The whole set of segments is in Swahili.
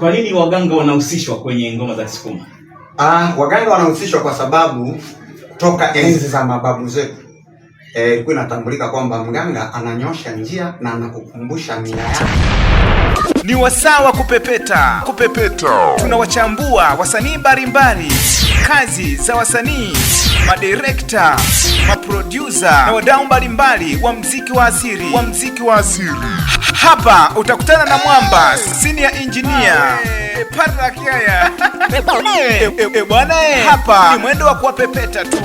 Kwa nini waganga wanahusishwa kwenye ngoma za Kisukuma? Ah, waganga wanahusishwa kwa sababu toka enzi za mababu zetu eh, ilikuwa eh, inatambulika kwamba mganga ananyosha njia na anakukumbusha mila yake. Ni wasaa wa kupepeta kupepeta. Tunawachambua wasanii mbalimbali, kazi za wasanii, madirekta producer na wadau mbalimbali wa mziki wa asili wa mziki wa asili. Hapa utakutana na mwamba senior engineer Padra Kiaya bwana, eh. eh. hapa ni mwendo wa kuwapepeta tu.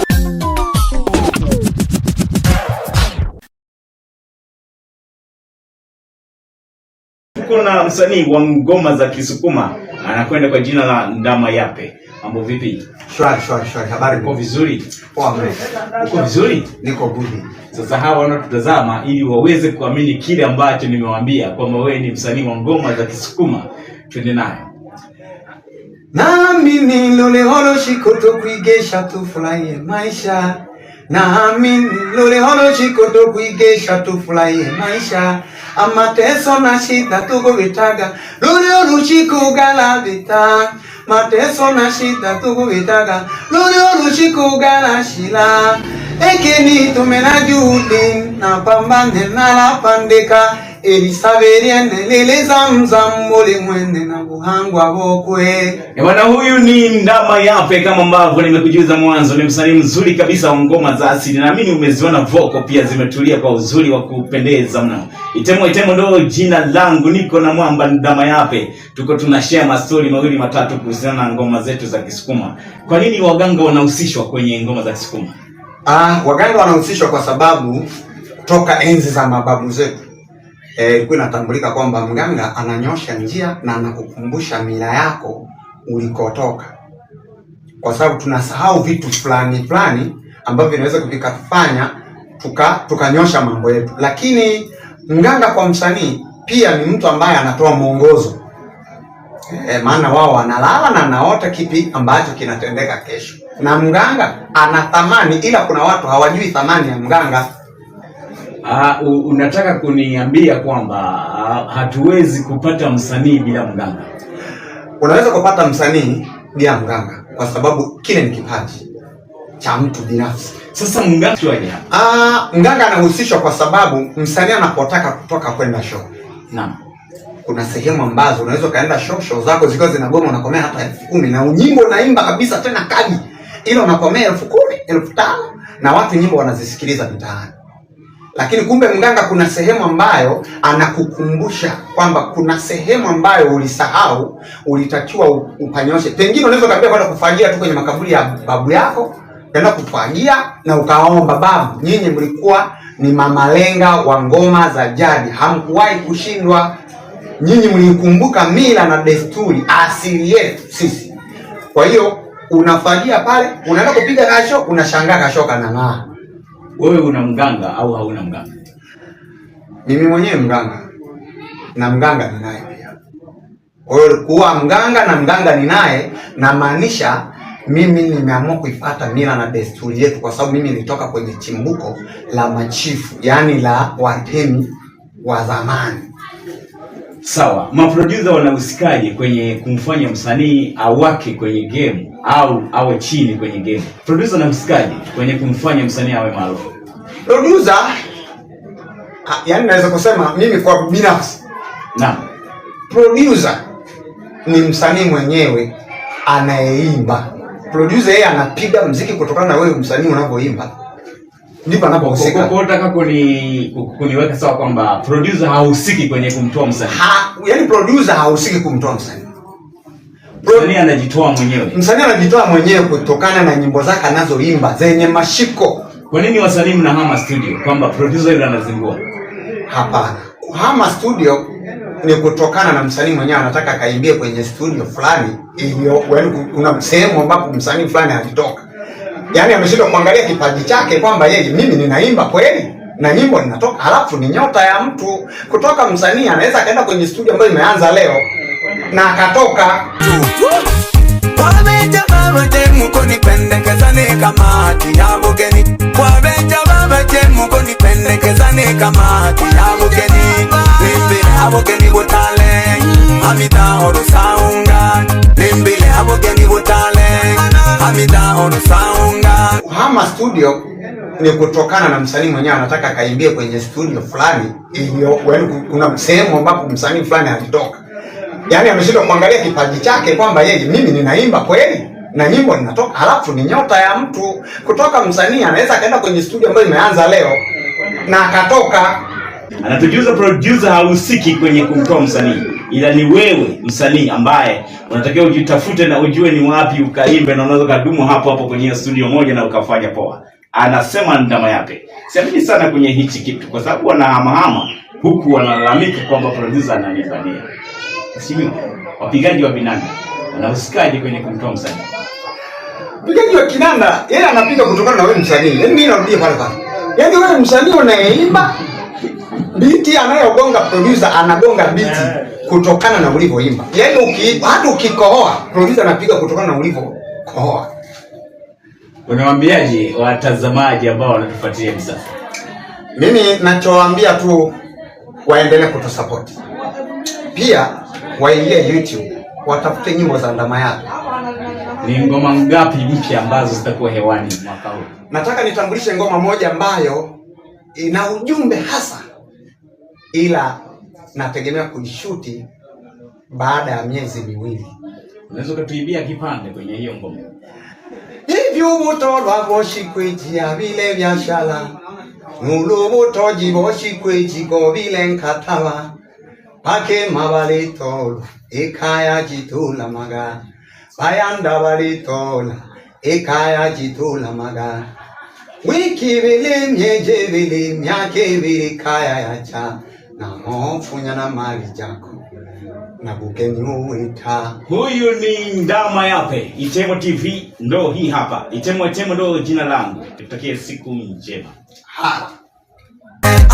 Kuna msanii wa ngoma za Kisukuma anakwenda kwa jina la Ndama Yape. Mambo vipi? Shwari shwari shwari, habari. Uko vizuri? Poa mzee. Uko vizuri? Niko budi. Sasa hawa wanatutazama ili waweze kuamini kile ambacho nimewaambia kwamba wewe ni msanii wa ngoma za Kisukuma, twende nayo. Nami niloleholo shikoto kuigesha tufurahie maisha. Nami niloleholo shikoto kuigesha tufurahie maisha. Amateso na shida tugobitaga. Luleo luchiko galabita mateso na shida tukuitaga lulio lushikugalashila ekeni tumenajudi na pambane nalapandika Elisaberende lele na buhangwa bokwe. E bwana huyu ni Ndama Yape, kama ambavyo nimekujuza mwanzo, ni msanii mzuri kabisa wa ngoma za asili. Naamini umeziona voko pia zimetulia kwa uzuri wa kupendeza mno. Itemo Itemo ndo jina langu, niko na mwamba Ndama Yape, tuko tuna share mastori mawili matatu kuhusiana na ngoma zetu za Kisukuma. Kwa nini waganga wanahusishwa kwenye ngoma za Kisukuma? Ah, waganga wanahusishwa kwa sababu toka enzi za mababu zetu Eh, ilikuwa eh, inatambulika kwamba mganga ananyosha njia na anakukumbusha mila yako ulikotoka, kwa sababu tunasahau vitu fulani fulani ambavyo vinaweza vikafanya tuka tukanyosha mambo yetu. Lakini mganga kwa msanii pia ni mtu ambaye anatoa mwongozo e, maana wao wanalala na naota kipi ambacho kinatendeka kesho, na mganga ana thamani, ila kuna watu hawajui thamani ya mganga uh, unataka kuniambia kwamba uh, hatuwezi kupata msanii bila mganga? Unaweza kupata msanii bila mganga, kwa sababu kile ni kipaji cha mtu binafsi. Sasa mganga Ah, mganga anahusishwa kwa sababu msanii anapotaka kutoka kwenda show, naam kuna sehemu ambazo unaweza ukaenda show show zako zikiwa zinagoma, unakomea hata elfu kumi na unyimbo unaimba kabisa tena kali, ila unakomea elfu kumi elfu tano na watu nyimbo wanazisikiliza mtaani. Lakini kumbe mganga, kuna sehemu ambayo anakukumbusha kwamba kuna sehemu ambayo ulisahau, ulitakiwa upanyoshe. Pengine unaweza kaambia kwenda kufagia tu kwenye makaburi ya babu yako, kaenda kufagia na ukaomba, babu, nyinyi mlikuwa ni mamalenga wa ngoma za jadi, hamkuwahi kushindwa. Nyinyi mlikumbuka mila na desturi, asili yetu sisi. Kwa hiyo unafagia pale, unaenda kupiga kasho, unashangaa kasho kanang'aa. Wewe una mganga au hauna mganga? Mimi mwenyewe mganga na mganga ninaye pia. Kwa hiyo kuwa mganga na mganga ninaye namaanisha mimi nimeamua kuifuata mila na desturi yetu, kwa sababu mimi nilitoka kwenye chimbuko la machifu, yaani la watemi wa zamani. Sawa, maproducer wanahusikaje kwenye kumfanya msanii awake kwenye game au awe chini kwenye game. Producer na msikaji kwenye kumfanya msanii awe maarufu. Producer yaani, naweza kusema mimi kwa binafsi, naam, producer ni msanii mwenyewe anayeimba. Producer yeye anapiga mziki kutokana na wewe msanii unavyoimba ndipo anapohusika. Kwa hiyo kuni kuniweka sawa kwamba producer hahusiki kwenye kumtoa msanii. Ha, yaani producer hahusiki kumtoa msanii msanii anajitoa mwenyewe, msanii anajitoa mwenyewe kutokana na nyimbo zake anazoimba zenye mashiko. Kwa nini wasanii mnahama studio kwamba producer yule anazingua? Hapana, kuhama studio ni kutokana na msanii mwenyewe anataka kaingie kwenye studio fulani, hiyo yaani kuna sehemu ambapo msanii fulani alitoka, yaani ameshindwa kuangalia kipaji chake kwamba yeye, mimi ninaimba kweli na nyimbo ninatoka, halafu ni nyota ya mtu kutoka msanii, anaweza akaenda kwenye studio ambayo imeanza leo na akatoka kuhama studio ni kutokana na msanii mwenyewe anataka akaimbie kwenye studio fulani, hiyo kuna sehemu ambapo msanii fulani alitoka Yaani ameshindwa kuangalia kipaji chake kwamba yeye, mimi ninaimba kweli na nyimbo ninatoka, halafu ni nyota ya mtu kutoka msanii, anaweza akaenda kwenye studio ambayo imeanza leo na akatoka. Anatujuza producer hahusiki kwenye kumtoa msanii, ila ni wewe msanii ambaye unatakiwa ujitafute na ujue ni wapi ukaimbe, na unaweza ukadumu hapo hapo kwenye studio moja na ukafanya poa. Anasema ndama yake, siamini sana kwenye hichi kitu, kwa sababu wanahamahama huku wanalalamika kwamba producer ananifanyia Mheshimiwa, wapigaji wa vinanda anahusikaje kwenye kumtoa msanii? Mpigaji wa kinanda yeye anapiga kutokana na wewe msanii. Yaani mimi narudia pale pale. Yaani wewe msanii unayeimba biti anayogonga producer anagonga biti kutokana na ulivyoimba. Yaani uki hata ukikohoa producer anapiga kutokana na ulivyokohoa. Unawaambiaje watazamaji ambao wanatufuatilia hivi sasa? Mimi nachowaambia tu waendelee kutusupport. Pia waingie YouTube watafute nyimbo za Ndama Yako. Ni ngoma ngapi mpya ambazo zitakuwa hewani mwaka huu? Nataka nitambulishe ngoma moja ambayo ina ujumbe hasa, ila nategemea kuishuti baada ya miezi miwili. Unaweza kutuibia kipande kwenye hiyo ngoma? ivyu buto lwavoshikwejia vile vyashala nulu butojivoshikwejiko vile nkatawa Pake mabalitol, ikaya jitula maga. Bayanda balitola, ikaya jitula maga. Wiki vili myeje vili myake vili kaya yacha. Na mofunya na mali jako. Na bukenyuita. Huyu ni Ndama Yape. Itemo TV ndo hii hapa. Itemo Itemo ndo jina langu. Tutakie siku njema. Ha.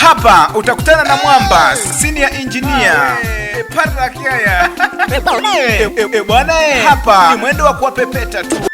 Hapa utakutana na Mwamba senior ya Patrick Yaya. bwana, hapa ni mwendo wa kuwapepeta tu.